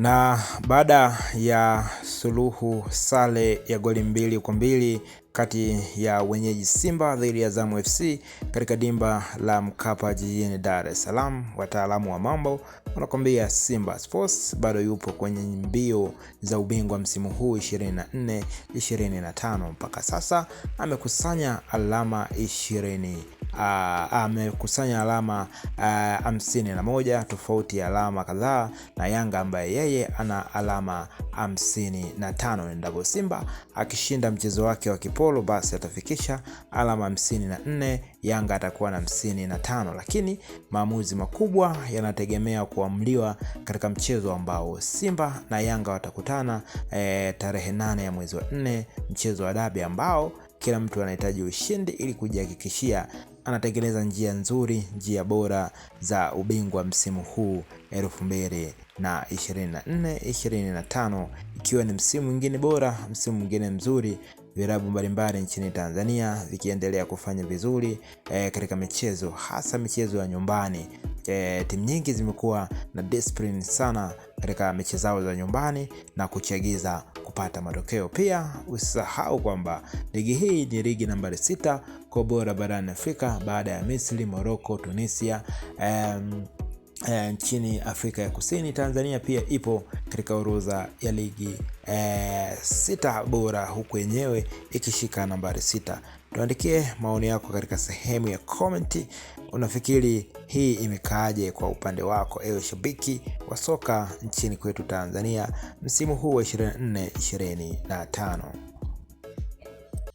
Na baada ya suluhu sale ya goli mbili kwa mbili kati ya wenyeji Simba dhidi ya Azam FC katika dimba la Mkapa jijini Dar es Salaam, wataalamu wa mambo wanakwambia Simba Sports bado yupo kwenye mbio za ubingwa msimu huu 24 25. Mpaka sasa amekusanya alama ishirini. Ah, amekusanya alama ah, hamsini na moja tofauti ya alama kadhaa na Yanga ambaye yeye ana alama hamsini na tano. Nendapo Simba akishinda mchezo wake wa kipolo, basi atafikisha alama hamsini na nne, Yanga atakuwa na hamsini na tano, lakini maamuzi makubwa yanategemea kuamliwa katika mchezo ambao Simba na Yanga watakutana e, tarehe nane ya mwezi wa nne, mchezo wa dabi ambao kila mtu anahitaji ushindi ili kujihakikishia anatengeneza njia nzuri, njia bora za ubingwa msimu huu 2024 25, ikiwa ni msimu mwingine bora, msimu mwingine mzuri, vilabu mbalimbali nchini Tanzania vikiendelea kufanya vizuri e, katika michezo hasa michezo ya nyumbani. E, timu nyingi zimekuwa na discipline sana katika mechi zao za nyumbani na kuchagiza kupata matokeo. Pia usisahau kwamba ligi hii ni ligi nambari sita kwa bora barani Afrika baada ya Misri, Morocco, Tunisia um, E, nchini Afrika ya Kusini. Tanzania pia ipo katika orodha ya ligi e, sita bora huku yenyewe ikishika nambari sita. Tuandikie maoni yako katika sehemu ya komenti. Unafikiri hii imekaaje kwa upande wako ewe shabiki wa soka nchini kwetu Tanzania msimu huu wa 24 25?